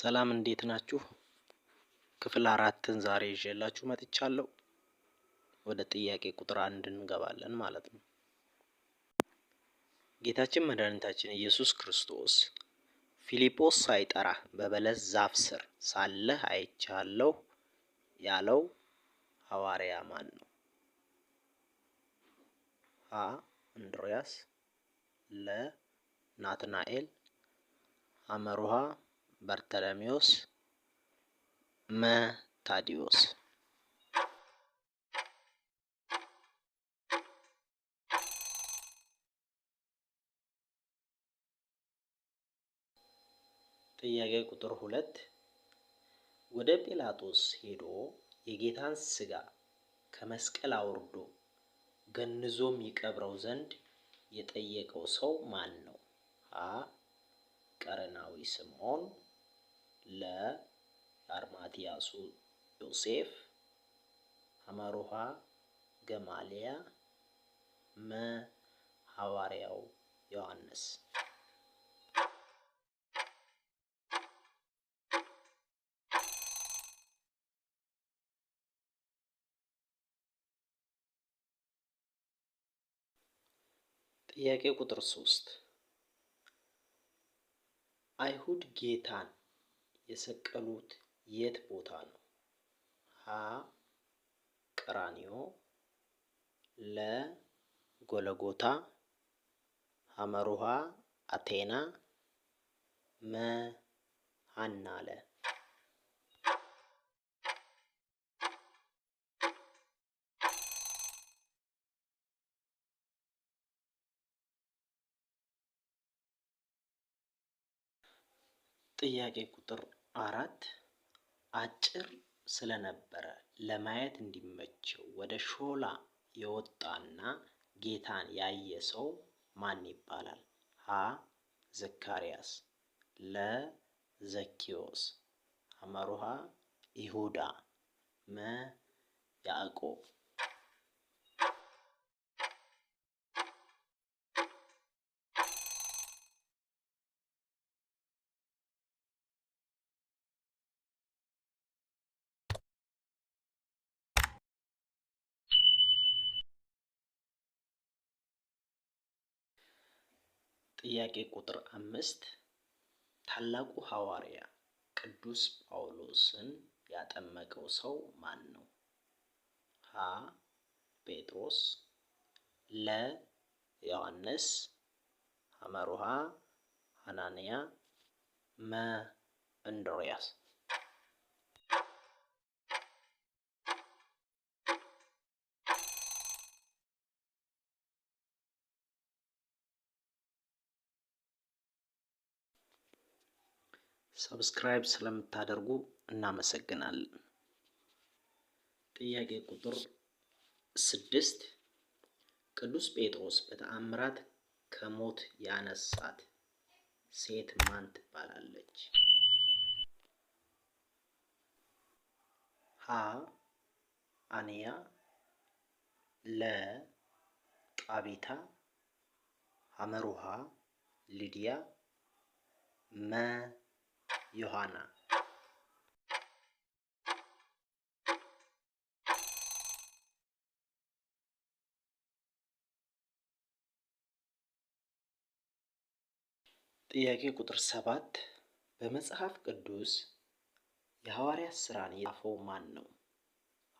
ሰላም እንዴት ናችሁ? ክፍል አራትን ዛሬ ይዤላችሁ መጥቻለሁ። ወደ ጥያቄ ቁጥር አንድ እንገባለን ማለት ነው። ጌታችን መድኃኒታችን ኢየሱስ ክርስቶስ ፊልጶስ ሳይጠራ በበለስ ዛፍ ስር ሳለህ አይቻለሁ ያለው ሐዋርያ ማን ነው? ሀ እንድርያስ፣ ለ ናትናኤል፣ አመሩሃ በርተለሜዎስ መ ታዲዮስ ጥያቄ ቁጥር ሁለት ወደ ጲላጦስ ሄዶ የጌታን ስጋ ከመስቀል አውርዶ ገንዞም ይቀብረው ዘንድ የጠየቀው ሰው ማን ነው? ሀ ቀረናዊ ስምዖን ለአርማቲያሱ ዮሴፍ አመሮሃ ገማሊያ መ ሐዋርያው ዮሐንስ ጥያቄ ቁጥር ሶስት አይሁድ ጌታን የሰቀሉት የት ቦታ ነው? ሀ ቀራኒዮ፣ ለ ጎለጎታ፣ ሐመሩሃ አቴና፣ መ አናለ። ጥያቄ ቁጥር አራት አጭር ስለነበረ ለማየት እንዲመቸው ወደ ሾላ የወጣና ጌታን ያየ ሰው ማን ይባላል? ሀ. ዘካርያስ ለ. ዘኪዎስ አመሩሃ ይሁዳ መ. ያዕቆብ ጥያቄ ቁጥር አምስት ታላቁ ሐዋርያ ቅዱስ ጳውሎስን ያጠመቀው ሰው ማን ነው? ሀ. ጴጥሮስ ለ. ዮሐንስ ሐመሩሃ ሐናንያ መ. እንድርያስ ሰብስክራይብ ስለምታደርጉ እናመሰግናለን። ጥያቄ ቁጥር ስድስት ቅዱስ ጴጥሮስ በተአምራት ከሞት ያነሳት ሴት ማን ትባላለች? ሀ አንያ ለ ጣቢታ፣ ሐመሩሃ ሊዲያ፣ መ ዮሐና ጥያቄ ቁጥር ሰባት በመጽሐፍ ቅዱስ የሐዋርያት ሥራን የጻፈው ማን ነው?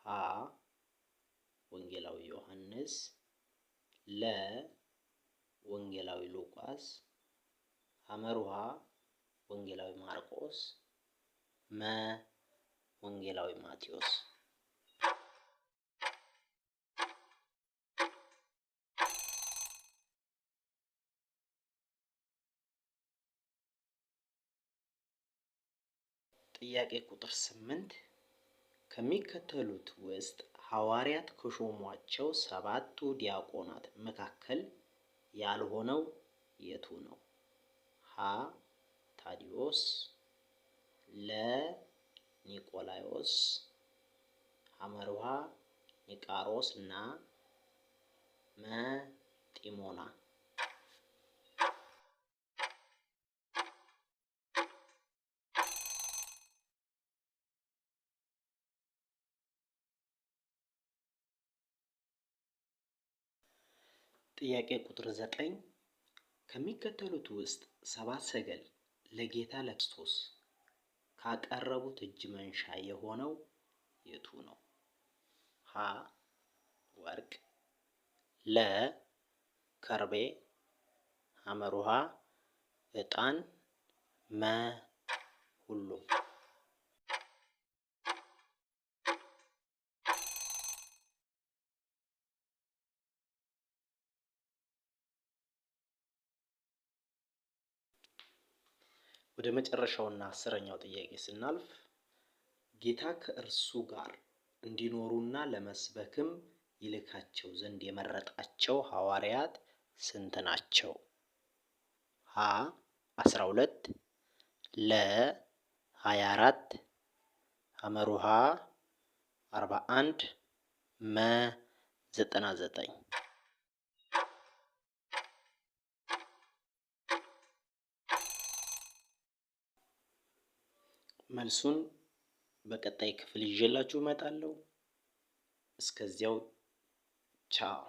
ሀ ወንጌላዊ ዮሐንስ፣ ለ ወንጌላዊ ሉቃስ፣ ሐመሩሃ ወንጌላዊ ማርቆስ፣ መ ወንጌላዊ ማቴዎስ። ጥያቄ ቁጥር ስምንት ከሚከተሉት ውስጥ ሐዋርያት ከሾሟቸው ሰባቱ ዲያቆናት መካከል ያልሆነው የቱ ነው? ሀ ለአርካዲዎስ ኒቆላዮስ ሐመርሃ ኒቃሮስ እና መጢሞና ጥያቄ ቁጥር ዘጠኝ ከሚከተሉት ውስጥ ሰባት ሰገል ለጌታ ለክርስቶስ ካቀረቡት እጅ መንሻ የሆነው የቱ ነው? ሀ ወርቅ፣ ለ ከርቤ፣ ሐመር ውሃ፣ ዕጣን፣ መ ሁሉም ወደ መጨረሻውና አስረኛው ጥያቄ ስናልፍ ጌታ ከእርሱ ጋር እንዲኖሩና ለመስበክም ይልካቸው ዘንድ የመረጣቸው ሐዋርያት ስንት ናቸው? ሀ 12 ለ 24 አመሩሃ 41 መ 99 መልሱን በቀጣይ ክፍል ይዤላችሁ እመጣለሁ። እስከዚያው ቻው።